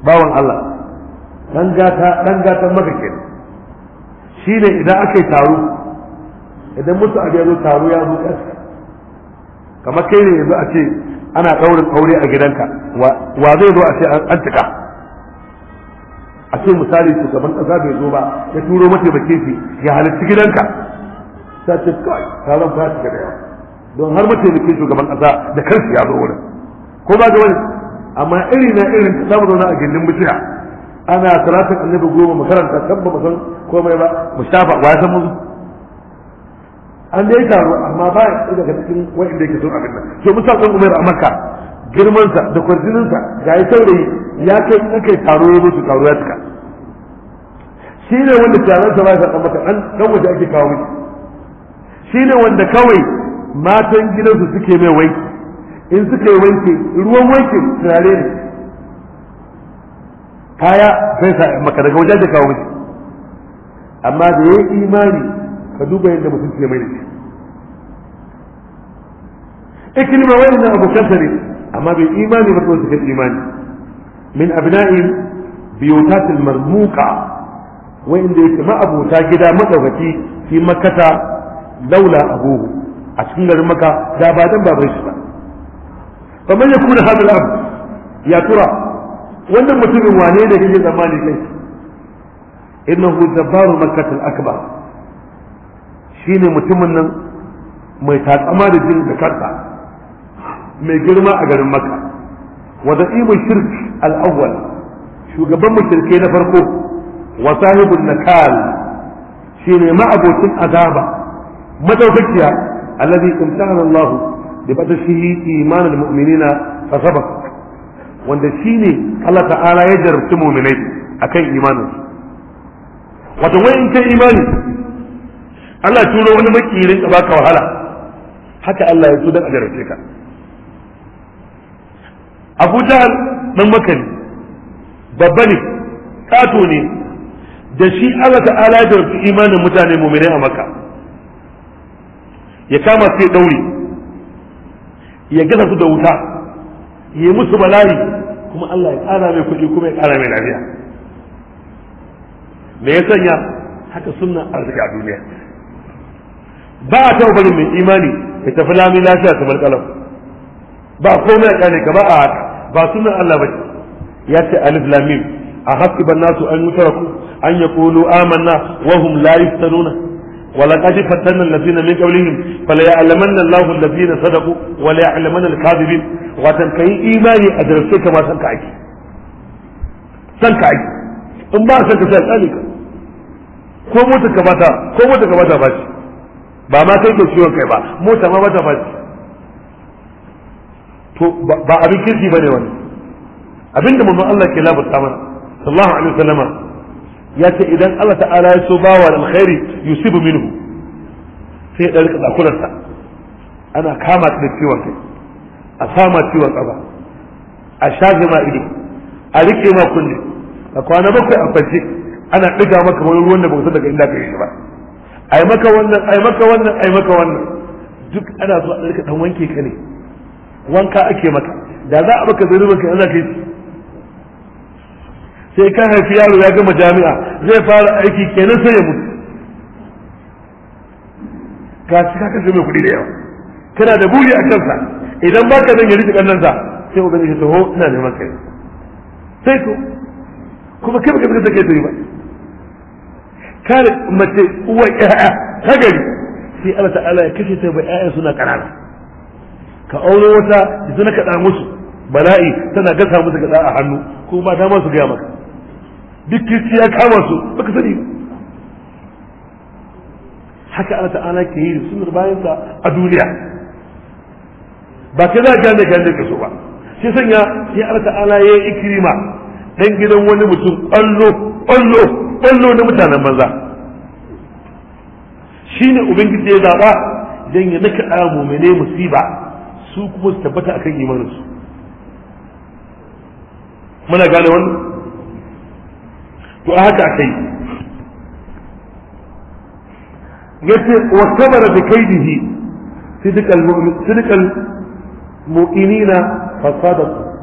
bawan Allah dan gata dan gatan maka kenan shine idan aka yi taro idan mus'ab ya zo taro ya zo kasa kamar kai ne yanzu a ce ana daurin aure a gidanka wa zai zo a ce an tuka a ce misali shugaban kasa bai zo ba ya turo mataimakin shi ya halarci gidanka ta ce kai taron fa shiga da yawa don har mataimakin shugaban kasa da kansu ya zo wurin ko ba da wani amma iri na irin ta samu zauna a gindin bishiya ana salatin annabi goma makaranta karanta tabba mu san komai ba mu shafa wa ya san mu an dai taro amma ba ya daga cikin wanda yake son abin nan to musa kan umar a makka girmansa da kwarjininsa ga ya saurayi ya kai in kai taro ya musu taro ya cika shi ne wanda taron sa ba ya sakan maka dan waje ake kawo shi shi ne wanda kawai matan gidansu suke mai wanki in suka yi wanki ruwan wankin turare ne kaya sai sa maka daga waje ake kawo shi amma da yayi imani ka duba yadda mutum ke mai da shi ikilma wani na abokan ne amma bai imani ba kuma suka imani min abna'in biyotatil marmuka wanda yake ma'abota gida madaukaki fi makata laula abuhu a cikin garin makka, da ba dan baban shi ba man ya kuma hadal ab ya tura wannan mutumin wane ne kake zamani kai innahu jabbaru makkatul akbar shine mutumin nan mai takama da jin da kansa mai girma a garin makka. wa shirk al-awwal shugaban mushrike na farko wa sahibun nakal shine ma'abocin azaba madaukakiya alladhi imtahana Allah bi badashihi imanul mu'minina fa sabaq wanda shine Allah ta'ala ya jarabci mu'minai akan imaninsu Wata wai in kai imani ana turo wani makirin ka wahala haka Allah ya so dan a jarabce ka abu jahal dan maka babba ne kato ne da shi Allah ta'ala da imanin mutane mu'minai a maka ya kama sai daure ya gasa su da wuta ya musu bala'i kuma Allah ya kara mai kuɗi kuma ya kara mai lafiya me ya sanya haka sunna arziki a duniya ba a taɓa barin mai imani ya tafi lami lafiya ta malƙalam ba komai a kane gaba a haka ba sunan Allah bace ya ce alif lam mim a haski ban nasu an mutaraku an yaqulu amanna wa hum la yaftanuna wala qad fatana allazina min qablihim fala ya'lamanna Allahu allazina sadaqu wa la ya'lamanna al wa tan kai imani adrasu kama san ka ake san ka ake in ba san ka san ali ko mota ka bata ko mota ka bata ba ba ma kai ke ciwon kai ba mota ma bata ba ce to ba abin kirki ba ne wani abinda manzon Allah ke labarta mana sallallahu alaihi wasallama ya ce idan Allah ta'ala ya so ba wa alkhairi yusibu minhu sai ya rika zakurarsa ana kama da ciwon kai a sama ciwon kaba a shafe ma ido a rike ma kunne a kwana bakwai a kwance ana ɗiga maka wani ruwan da bautar daga inda ka yi ba ai maka wannan ai maka wannan ai maka wannan duk ana zuwa a rika dan wanke ka ne wanka ake mata da za a baka zunubin ka za ka yi sai ka haifi yaro ya gama jami'a zai fara aiki kenan sai ya mutu ga shi ka kasance mai kuɗi da yawa kana da buri a kansa idan ba ka yi ya nan ƙannansa sai ku gani shi taho ina neman kai sai ku kuma kai baka saka kai ba kare mace uwa ƴaƴa ta gari sai Allah ta'ala ya kashe ta ba ƴaƴan suna ƙanana ka auro wata ki na kaɗa musu bala'i tana gasa musu gaɗa a hannu ko ba ta masu gaya maka duk kirci ya kama su baka sani haka Allah ta'ala ke yi da bayan sa a duniya ba ke za gane gane ka so ba shi sanya sai Allah ta'ala ya yi ikirima dan gidan wani mutum ƙwallo ƙwallo ƙwallo na mutanen banza shine ubangiji ya zaba dan ya naka mu mene musiba su kuma su tabbata akan imaninsu muna gane wannan to a haka akai yace wa sabara bi kaidihi sidqal mu'min sidqal mu'minina fa sadaqa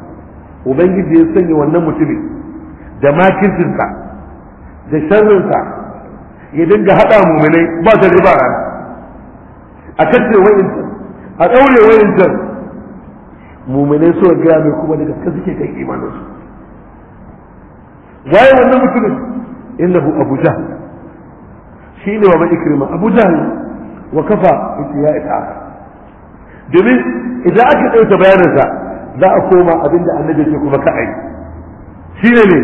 ubangiji ya sanya wannan mutumin da makircinsa da sharrinsa ya dinga haɗa muminai ba ta riba a kan ce wa'incan a wayin jan muminai suka gaya mai kuma da gaske suke kan imaninsu waye wannan mutumin innahu abu jahl wa baban ikrima abu jahl wa kafa ita ya ita domin idan aka ɗauka bayanansa za a koma abinda annabi ke kuma ka ai Shi ne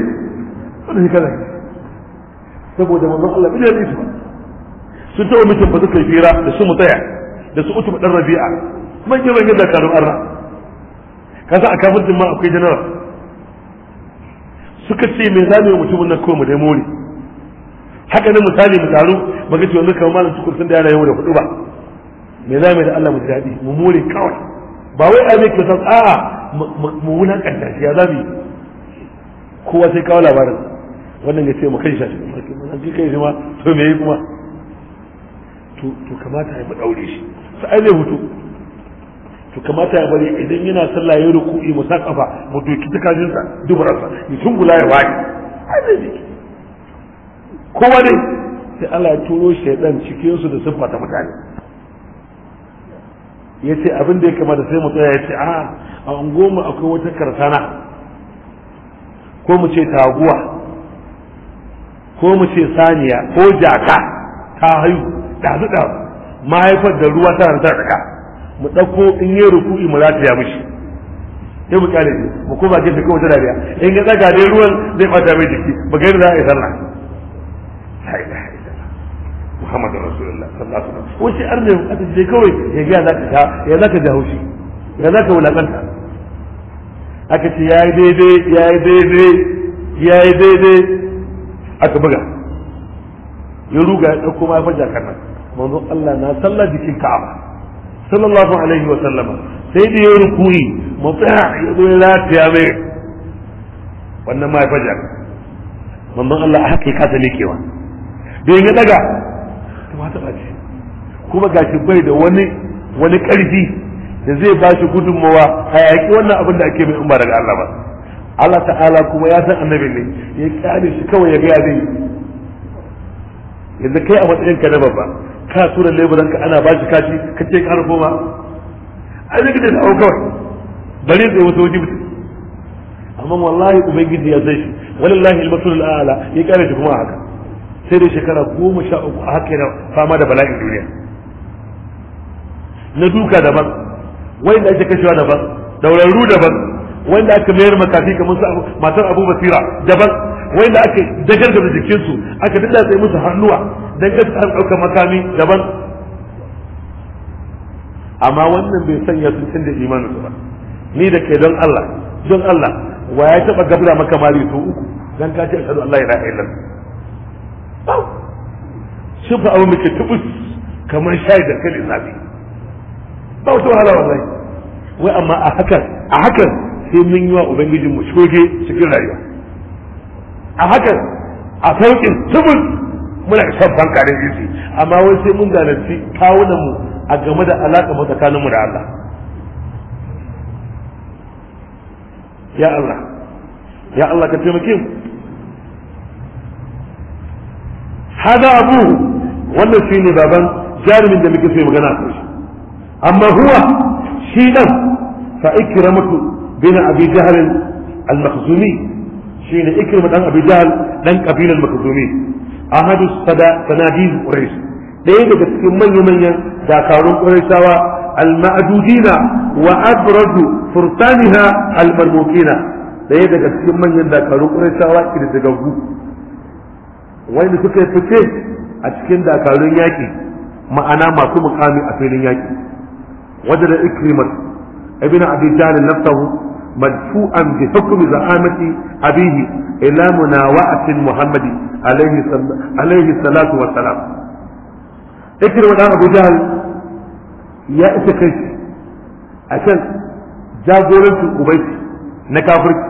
wani kana saboda manzon Allah bai yi su sun taɓa mutum ba fira da su mutaya da su utu dan rabi'a manyan manyan dakarun arna kasa a kafin ma akwai janar suka ce me za mu yi mutumin nan kuma mu dai mori haka nan misali mu taru ba ga cewa kamar malam tukur sun da yara yau da kudu ba me za mu da Allah mu ji mu mori kawai ba wai a mai san a'a mu wulakanta shi ya za mu yi kowa sai kawo labarin wannan ya ce mu kai shi ji kai shi ma to me yi kuma to kamata a yi mu daure shi sai ai zai to kamata ya bari idan yana sallah ya ruku yi musa kafa mu doki tukajin sa sa ya tungula ya waye kowa ne sai Allah ya turo shaidan cikin su da sun ta mutane ya ce abin da ya kamata sai mu tsaya ya ce a a unguwarmu akwai wata karsana ko mu ce taguwa ko mu ce saniya ko jaka ta haihu da zuɗa mahaifar da ruwa rantar da ka mu ɗauko in yi ruku'i mu rataya mishi sai mu kyale shi mu koma gefe ko wata dariya in ga tsaka dai ruwan zai kwata mai jiki ba ga yadda za a yi sallah la ilaha illallah muhammadu rasulullah sallallahu alaihi wasallam wace arne aka je kawai ya ga za ka ta ya za ka ja haushi ya za ka wulakanta aka ce ya yi daidai ya yi daidai ya yi daidai aka buga ya ruga ya ɗauko ma ya fajar kannan manzon Allah na sallah jikin ka'aba sallallahu alaihi wa sallama sai da ya rukuyi mafiya ya zo ya lafiya mai wannan ma fajar mamman Allah haka ya kasa lekewa da ya daga ta ta ɓace kuma gashi bai da wani wani karfi da zai ba shi gudunmawa a yaƙi wannan abin da ake mai umma daga Allah ba Allah ta'ala kuma ya san annabi ne ya kyale shi kawai ya gaya zai yanzu kai a matsayin ka na babba ka tura leburan ka ana ba shi kati ka ce ka koma ai zai da hau kawai bari zai wata wajibi amma wallahi ubangiji ya zai shi walillahi al-masul ala ya kare shi kuma haka sai dai shekara goma sha uku a haka yana fama da bala'in duniya na duka daban wanda ake kashewa daban daurarru daban wanda aka mayar makafi kamar su matar abu basira daban wanda aka dagar da jikinsu aka dinda tsaye musu hannuwa dan ka tsarin ɗaukar makami daban amma wannan bai sanya sun canza imaninsu ba ni da ke don Allah don Allah wa ya taɓa gabra maka mari to uku dan ka ce ashhadu Allah ya ilaha illallah shi fa abu muke tubus kamar shayi da kai zabi ba wata wahala wallahi wai amma a hakan a hakan sai mun yi wa ubangijin mu shoge cikin rayuwa a hakan a sauƙin tubus muna son banka da AC amma wai sai mun zalunci kawunan mu a game da alaƙa mu tsakaninmu da Allah ya Allah ya Allah ka taimake mu hada abu wannan shi ne baban jarumin da muke so magana a kai amma huwa shi dan fa mutu bin abi jahl al-makhzumi shi ne ikrama dan abi jahl dan kabilan makhzumi ahadu sanadin quraish ɗaya daga cikin manya-manyan dakarun quraishawa al-ma'dudina wa abradu furtaniha al-marmutina ɗaya daga cikin manyan dakarun quraishawa kirtigaggu wanda suka fi fice a cikin dakarun yaƙi ma'ana masu mukami a filin yaƙi wajen da ikrimar ibn abi jahl مدفوعا بحكم زعامة أبيه إلى مناوعة محمد عليه عليه الصلاة والسلام اكرم الآن أبو جهل يا إتكيش عشان jagorancin ubanci na kafirci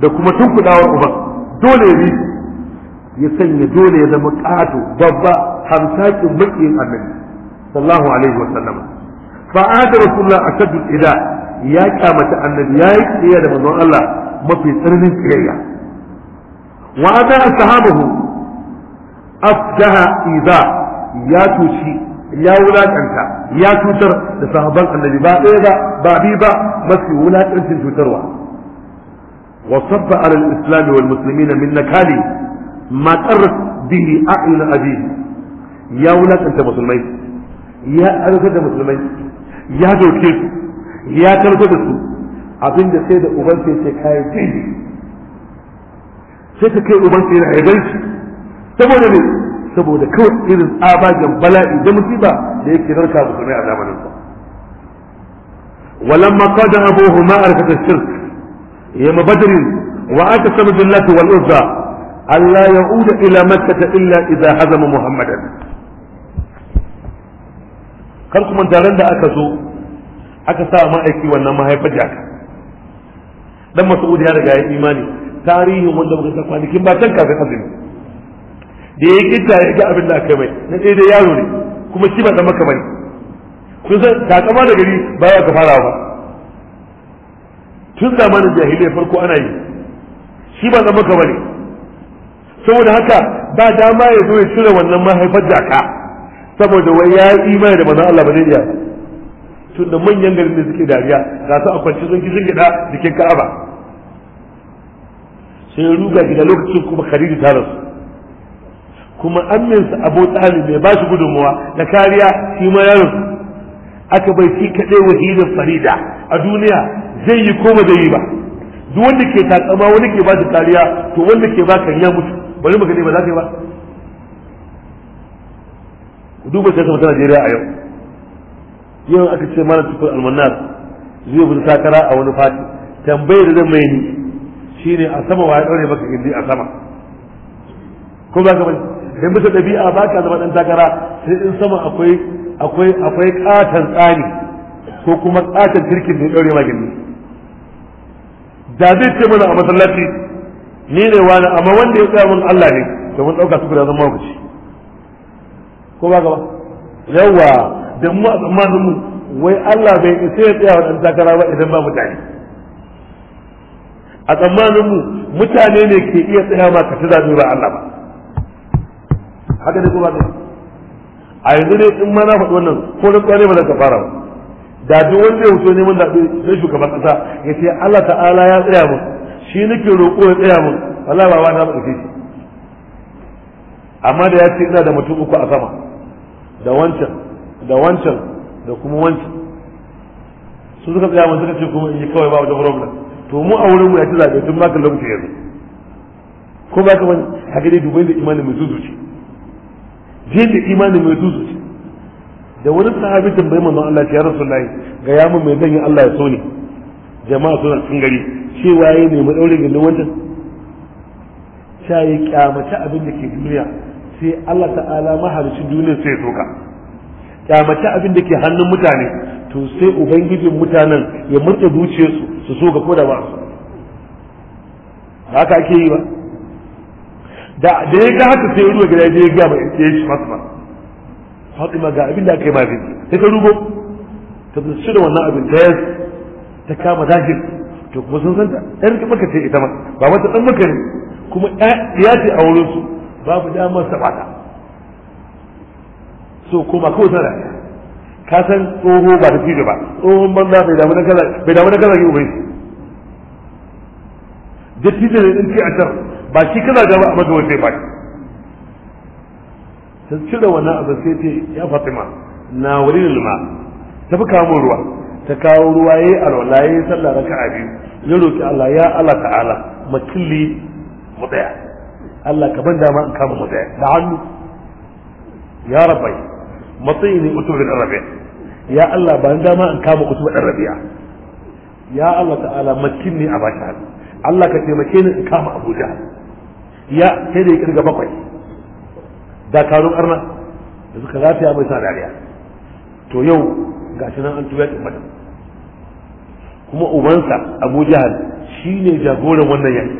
da kuma tunkudawar uban dole ya sanya dole ya zama ƙato babba hamsakin makiyin annabi sallallahu alaihi wa sallama fa ada rasulullah ashaddu ida ya kyamata annabi ya yi kiyaya da manzon Allah mafi tsananin kiyaya wa ada sahabahu afdaha idza ya tushi ya wulakanta ya cutar da sahaban annabi ba ɗaya ba ba bi ba mafi wulakancin cutarwa wa sabba ala al-islam wal muslimina min nakali ma qarrat bihi a'yun abihi ya wulakanta musulmai ya azabta da musulmai ya doke su ya tarzo da su abinda sai da uban sai ce kai ji sai ka kai uban sai da haibarci saboda ne saboda kawai irin tsabagen bala'i da musiba da yake zarka musulmai a zamanin sa ولما قاد أبوهما أركة الشرك يوم بدر وأتسم بالله والعزى ألا يعود إلى ta illa إذا هزم محمدا kar kuma daren da aka zo aka sa ma'aiki wannan mahaifar jaka dan masu ya riga ya imani tarihin wanda muka kwanakin ba can kafin azumi da ya kinta ya ga abin da aka mai na dai da yaro ne kuma shi ba dan maka bane kun san kama da gari ba ya ka fara ba tun zamanin jahiliya farko ana yi shi ba dan maka bane saboda haka ba dama ya zo ya cire wannan mahaifar jaka saboda wai ya imani da manzon Allah ba zai iya tun da manyan garin da suke dariya ga su a kwanci sun kishin gida jikin ka'aba sai ruga gida lokacin kuma khadija ta rasu kuma aminsa abu tsari mai ba shi gudunmuwa da kariya shi ma ya rasu aka bai shi kaɗai wahidin farida a duniya zai yi ko ba zai yi ba duk wanda ke takama wani ke ba shi kariya to wanda ke ba kan ya mutu bari mu gani ba za ka yi ba Ku duba sai sama ta Najeriya a yau yau aka ce mana tukul almanar zuwa fita takara a wani fati tambayar da mai ni shi ne a sama wa ya ɗaure maka gindi a sama ko ba ka bane in bisa dabi'a ba ka zama ɗan takara sai in sama akwai akwai akwai tsani ko kuma ƙaton kirkin da ya daure maka gindi da zai ce mana a masallaci ni ne wani amma wanda ya tsaya mun Allah ne to mun dauka tukur ya zama mabuci ko ba ka ba yawa dan mu a tsammanin mu wai Allah bai isa ya tsaya wa dan takara ba idan ba mutane a tsammanin mu mutane ne ke iya tsaya ma ka ta zabi ba Allah ba haka ne kuma a yanzu ne in ma na faɗi wannan ko na tsare ba zan ka fara ba da duk wanda ya wuce neman zaɓe na shugaban ƙasa ya ce Allah ta'ala ya tsaya mu shi nake roƙo ya tsaya mu wallahi ba wani ba shi amma da ya ce ina da mutum uku a sama da wancan da wancan da kuma wancan su suka tsaya mun suka ce kuma in yi kawai babu da problem to mu a wurin mu ya ci zabe tun ba ka lokaci yanzu ko ba ka wani haka dai dubai da imanin mai zuzuci je da imanin mai zuzuci da wani sahabi tambayi manzo Allah ya rasulullahi ga yamu mai zan Allah ya so ne jama'a suna cikin gari cewa yayi ne mu daure gindin wancan Ta yi kyamata abin da ke duniya sai Allah ta'ala mahalicin duniyar sai ya soka mace abin da ke hannun mutane to sai ubangijin mutanen ya murta zuciyarsu su so ga koda ba su haka ake yi ba da da ya ga haka sai ruwa gida ya ga ba ya shi fatima fatima ga abin da aka yi ma bin sai ka rubo ta zuci da wannan abin da yas ta kama zahir to kuma sun san ta ɗan maka ce ita ma ba mata ɗan maka ne kuma ya ce a wurinsu babu damar sabata so koma kawai tana ka san tsoho ba ta fiye ba tsohon banza bai damu na kaza yi ubai na kaza ki ne in ce a can ba shi kaza da ba a maka wace ba ta cire wannan abin sai ce ya fatima na wuri lilma ta fi kawo ruwa ta kawo ruwa ya yi alwala ya yi sallah raka'a biyu ya roƙi Allah ya Allah ta'ala makilli mu daya Allah ka ban dama in kama mu daya da hannu ya rabai matsayin utub bin rabi ya Allah ba dama in kama utub bin rabi'a ya Allah ta'ala makin ne a baka Allah ka taimake ni in kama Abuja ya sai da ya kirga bakwai karun arna da suka lafiya mai sa dariya to yau ga shi nan an tuya mata kuma ubansa Abu Jahal shine jagoran wannan yaki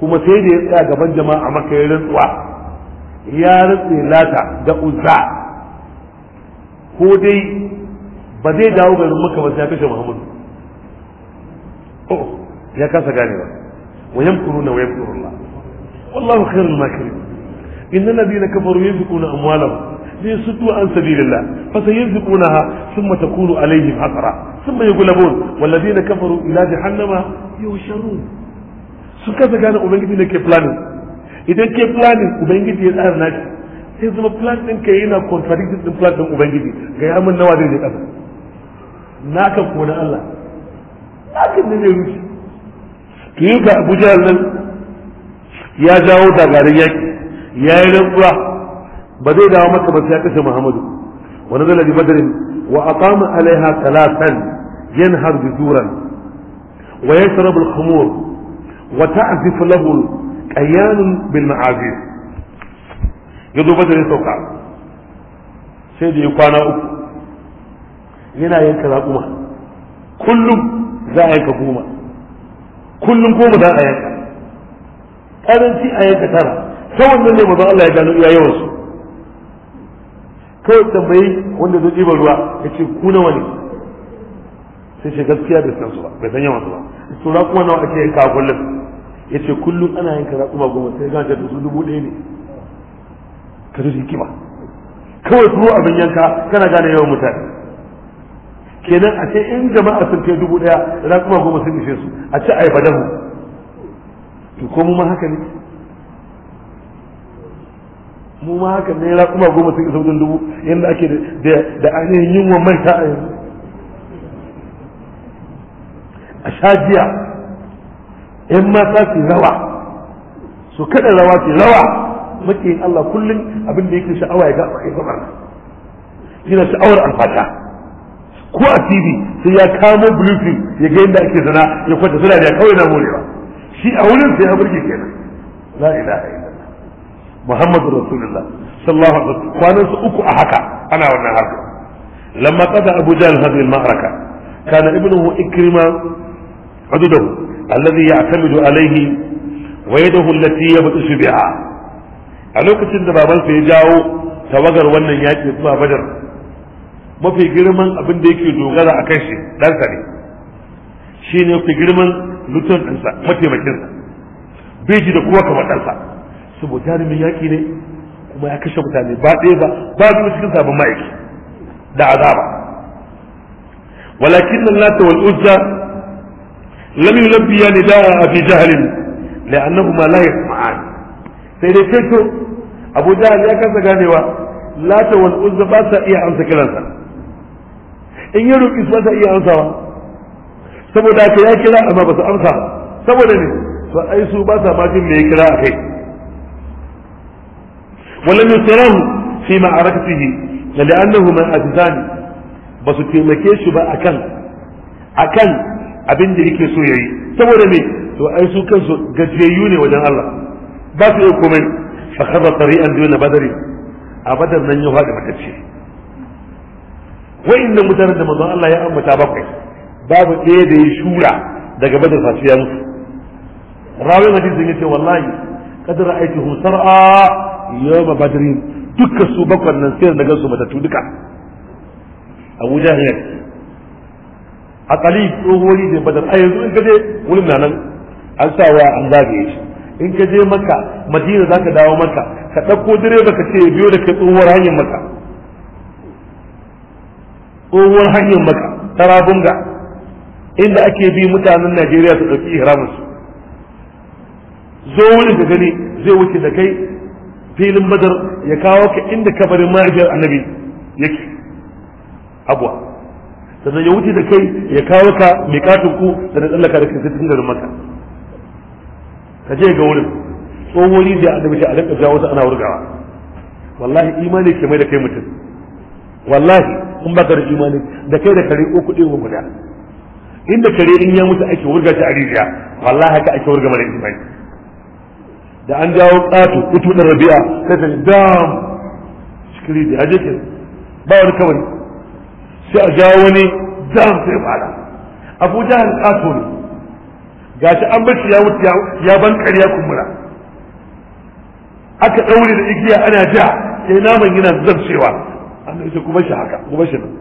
kuma sai da ya tsaya gaban jama'a maka ya rantsuwa ya rantsi lata da uzza ko dai ba zai dawo garin maka ba sai kashe muhammadu oh ya kasa ganewa wa na wa Allah wallahu khairul makirin inna alladhina kafaru yunfiquna amwalahum ليصدوا عن سبيل الله فسينفقونها ثم تكون عليهم حسرة ثم يغلبون والذين كفروا إلى جهنم يوشرون sun kasa gane ubangiji ne ke planning idan ke planning ubangiji ya tsara naki his plan din ka yana contradicting din plan din ubangiji ga ya mun nawa zai je kasa naka ko na Allah naka ne zai rushe to yin ka Abuja nan ya jawo dagarin yaki ya yi rantsuwa ba zai dawo maka ba sai ya kashe Muhammadu wa nazala bi badrin wa aqama alaiha talatan yanhar bizuran wa yasrabu al-khumur وتعزف له كيان بالمعازيف ya zo badar ya sauka sai da ya kwana uku yana yanka raƙuma kullum za a yanka goma kullum goma za a yanka ƙaranci a yanka tara ta wannan ne mazan Allah ya gano iya yawansu kawai tambayi wanda zai ɗiba ruwa ya ce ku nawa ne sai ce gaskiya bai san su ba bai san yawan su ba su raƙuma nawa ake yanka kullum ya ce kullum ana yanka raƙuma goma sai ganta da su dubu ɗaya ne ka ji hikima kawai su abin yanka kana gane yawan mutane kenan a ce in jama'a sun kai dubu daya kuma goma sun ishe su a ce a yi badahu to ko mu ma haka ne mu ma haka ne kuma goma sun isa wajen dubu yadda ake da ainihin yunwa manta a yanzu a sha jiya 'yan mata su rawa su kada rawa ke rawa makiyin Allah kullum abin da yake sha'awa ya ga ya ga barna yana sha'awar alfata ko a TV sai ya kamo blueprint ya ga yadda ake zina ya kwanta suna da kawai na morewa shi a wurin sai ya burge kenan la ilaha illallah muhammadu rasulullah sallallahu alaihi wasallam kwanan su uku a haka ana wannan harka. lamma qada abu jahl hadhihi al-ma'raka kana ibnuhu ikrima عدده الذي يعتمد عليه ويده التي يبطش بها a lokacin da babansa ya jawo tawagar wannan yaƙi zuwa badar mafi girman abin da yake dogara a kan shi ɗansa ne shi ne mafi girman lutun ɗinsa mataimakinsa bai ji da kowa kamar ɗansa saboda jarumin yaƙi ne kuma ya kashe mutane ba ɗaya ba ba biyu cikin sabon ma'aiki da azaba walakin nan lata wal uzza lam yulabbiya nidaa abi jahlin la'annahuma la yasma'an sai dai kai abu jahal ya kasa ganewa lata wal uzza ba sa iya amsa kiransa in ya roƙi su ba ta iya amsawa saboda ka ya kira amma ba su amsa saboda ne fa ai su ba sa ma me ya kira a kai ولم annahu في معركته ba su taimake shi ba akan akan abin da yake so yayi saboda me to ai su kansu gajiyayyu ne wajen Allah ba su yi komai fa kaza tari'an duna badari a badar nan ya faɗi Wa inna mutanen da manzon Allah ya ambata bakwai babu ɗaya da ya shura daga badar safiya musu rawin hadisin yace wallahi kad ra'aytuhum sar'a yawm badrin dukkan su bakwan nan sai daga su matattu duka Abu Jahil a tsali tsohuwar da badar a yanzu in gade wurin nan an sa wa an zagaye shi in ka je maka madina za ka dawo maka ka ɗauko direba ka ce biyo da ka tsohuwar hanyar maka tsohuwar hanyar maka tarabunga inda ake bi mutanen najeriya su ɗauki ihramansu zo wani ka gani zai wuce da kai filin badar ya kawo ka inda kabarin ma'ajiyar annabi yake abuwa sannan ya wuce da kai ya kawo ka mai katin ku da na tsallaka da kai tun garin maka ka je ga wurin tsohon da annabi ta alaka jawo ta ana wurgawa wallahi imani ke mai da kai mutum wallahi kun baka da imani da kai da kare uku ɗin guda inda kare in ya mutu ake wurga ta a rijiya wallahi haka ake wurga mara imani da an jawo ƙato kutu da rabi'a sai ta dam cikin rijiya a ke ba wani kawai sai a jawo wani dam sai fada abu jahal ƙato ne gashi an bashi ya wuce ya ban kariya kumbura aka ɗaure da igiya ana ja sai naman yana zarcewa annabi sai kuma shi haka kuma shi nan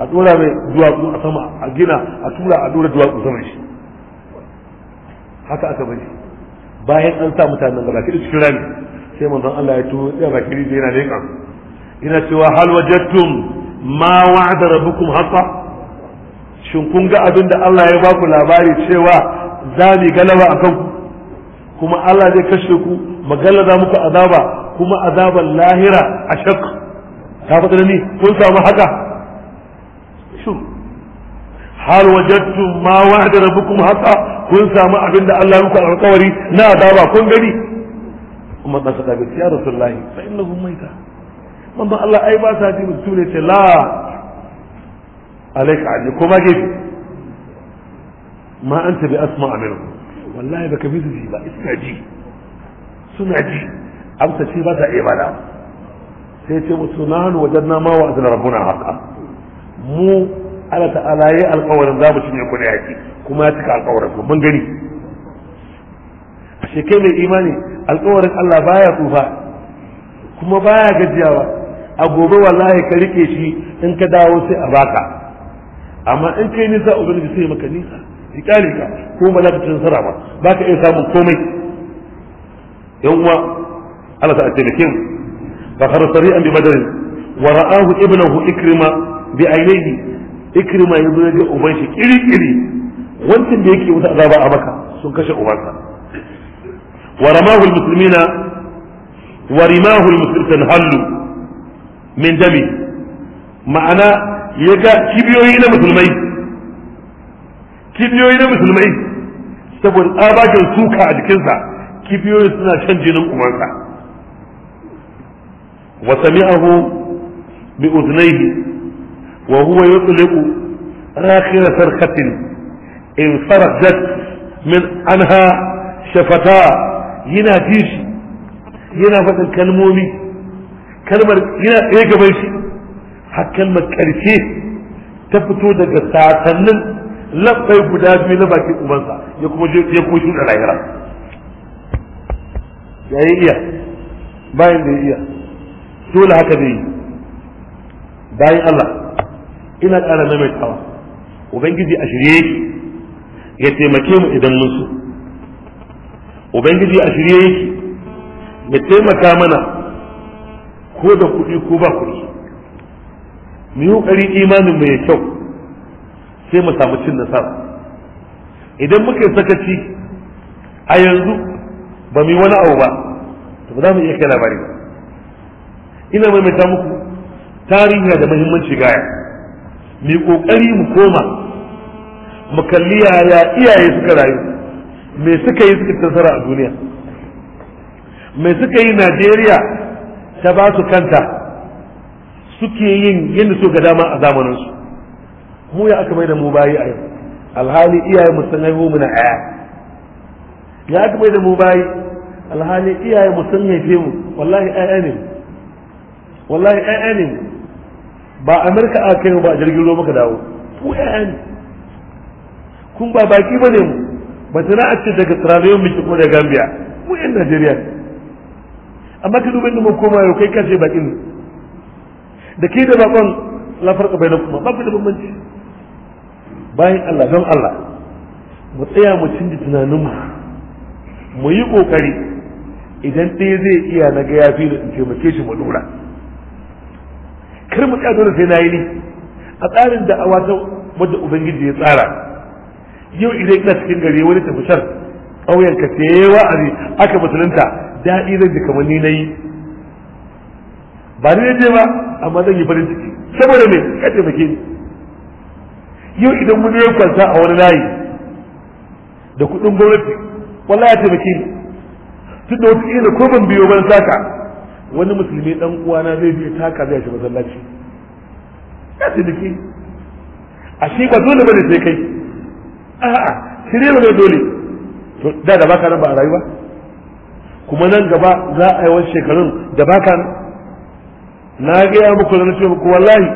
a dora mai duwatsu a sama a gina a tura a dora duwatsu sama shi haka aka bari bayan an sa mutanen gaba kiɗa cikin rami sai manzon Allah ya tuwo ya baki rije yana leƙa ina cewa hal wajattum ma wa'ada rabbukum haqa shin kun ga abin da Allah ya baku labari cewa za mu galaba a kanku kuma Allah zai kashe ku magallaza muku azaba kuma azaban lahira a shak ta faɗa ni kun samu haka shu hal wajadtum ma wa'ada rabbukum haka, kun samu abinda Allah muku alƙawari na azaba kun gani kuma dan saka ga ya rasulullahi fa innahu maita manzo Allah ai ba sa jin su ce la alaika ali kuma gidi ma an tabi asma a wallahi baka bi su ba suna ji ji amsa ce ba ta iya bada sai ce musu nahnu wajadna ma wa azna rabbuna haqa mu Allah ta'ala yayi alƙawarin za mu cinye ku da yaki kuma ya cika alƙawarin ku mun gani ashe kai mai imani alƙawarin Allah baya tsufa kuma baya gajiyawa a gobe wallahi ka rike shi in ka dawo sai a baka amma in kai nisa ubangiji sai maka nisa ya ka ko ba za ka ci nasara ba ba ka iya samun komai yan uwa Allah ta taimake mu fa khara sari'an bi badr wa ra'ahu ibnuhu ikrima bi aynihi ikrima yanzu ya ga uban shi kirikiri kiri wancan da yake wuta azaba a maka sun kashe ubansa wa ramahu almuslimina wa rimahu almuslimin hallu min dami ma'ana ya ga kibiyoyi na musulmai kibiyoyi na musulmai saboda tsabagen suka a jikinsa kibiyoyi suna shan jinin umarsa wa sami'ahu bi uznaihi wa huwa yutliqu rakhira sarqatin in farajat min anha shafata yana tishi yana faɗin kalmomi kalmar yana tsaye gaban shi har kalmar ƙarshe ta fito daga sasannin lafai guda biyu na bakin ubansa ya kuma ya kuma shuɗa lahira ya yi iya bayan da ya iya dole haka zai yi bayan Allah ina ƙara maimaitawa ubangiji a shirye ya taimake mu idan mun so ubangiji a shirye yake ya taimaka mana ko da kuɗi ko ba kuɗi mu yi ƙari imanin mu ya kyau sai mu samu cin nasara idan muke sakaci a yanzu ba mu yi wani abu ba to za mu iya kai labari ba ina maimaita muku tarihi da muhimmanci gaya mu kokari mu koma mu kalli yaya iyaye suka rayu me suka yi suka tasara a duniya me suka yi Najeriya ta ba su kanta suke yin yadda so ga dama a zamaninsu mu ya aka mai da mu bayi a yau alhali iyaye mu sun haihu mu na aya ya aka mai da mu bayi alhali iyaye mu sun haife mu wallahi aya ne wallahi aya ne ba amurka a kai ba jirgin ruwa muka dawo ku aya ne kun ba baki ba ne mu ba ta na ce daga tsirarriyar miki ko da gambia mu yan najeriya amma ka duba inda mu koma yau kai kashe bakin da ke da bakon lafarka bai na kuma ba ku da bambanci bayan Allah don Allah mu tsaya mu canza tunaninmu mu yi ƙoƙari idan ɗaya zai iya na ga yafi da in taimake shi mu dora kar mu tsaya dole sai na yi ni a tsarin da a wata wadda ubangiji ya tsara yau idan ina cikin gari wani tafishar ƙauyen ka ce wa'azi aka musulunta daɗi zan ji kamar ni na yi ba ni ne ba amma zan yi farin ciki saboda me ka taimake ni yau idan mun yi kwanta a wani layi da kuɗin gwamnati wallahi ya taimake ni tun da wata ina ko ban biyo ban saka wani musulmi dan uwana zai biya taka zai shi masallaci ya taimake a shi ba dole bane sai kai a'a shirye ne dole to da da baka nan ba a rayuwa kuma nan gaba za a yi wasu shekarun da baka nan na gaya muku na ce muku wallahi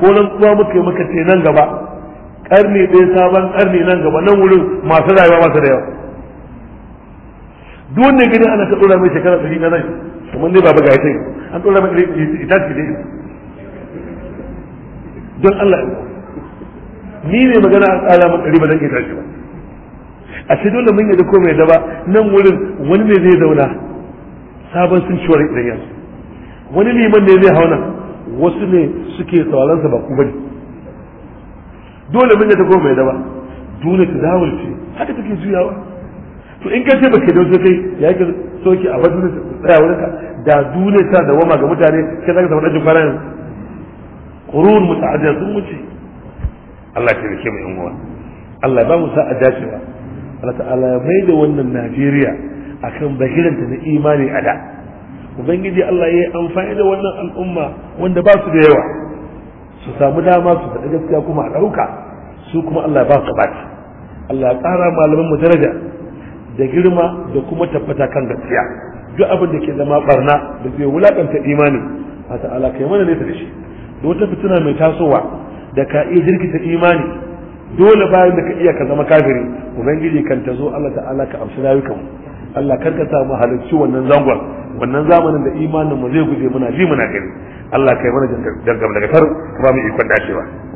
ko nan kuma muka yi maka ce nan gaba karni ɗaya sabon karni nan gaba nan wurin masu rayuwa masu da yawa duk wanda gani ana ta dora mai shekara ɗari na nan kuma ne ba ga ita an dora mai ita ce dai don Allah ni ne magana a tsara mai ɗari ba zan iya tashi ba a ce dole mun yadda ko mai daba nan wurin wani ne zai zauna sabon sun ciwar idan yansu wani liman ne zai hauna wasu ne suke tsawalansa ba ku ne dole mun ta goma ya ba dole ta dawul ce haka take juyawa to in kace baka da so kai ya ka soki a badu tsaya wurin ka da dole ta da wama ga mutane kai zaka samu dajin fara yanzu qurun muta'addiya sun wuce Allah ya rike mu yan uwa Allah ba mu sa sa'a dacewa Allah ta'ala ya mai da wannan Najeriya akan bahiranta na imani a da ubangiji Allah ya yi amfani da wannan al'umma wanda ba su da yawa su samu dama su faɗi gaskiya kuma a ɗauka su kuma Allah ba su baki Allah ya ƙara malaman mu daraja da girma da kuma tabbata kan gaskiya duk abin da ke zama barna da zai wulakanta imani a ta'ala kai mana nesa da shi da wata fitina mai tasowa da ka iya jirkita imani dole bayan da ka iya ka zama kafiri ubangiji kan ta zo Allah ta'ala ka amshi mu. Allah karka sa mu halarci wannan zangon wannan zamanin da imanin mu zai guje muna ji muna gani Allah kai mana daga daga far ba mu ikon dacewa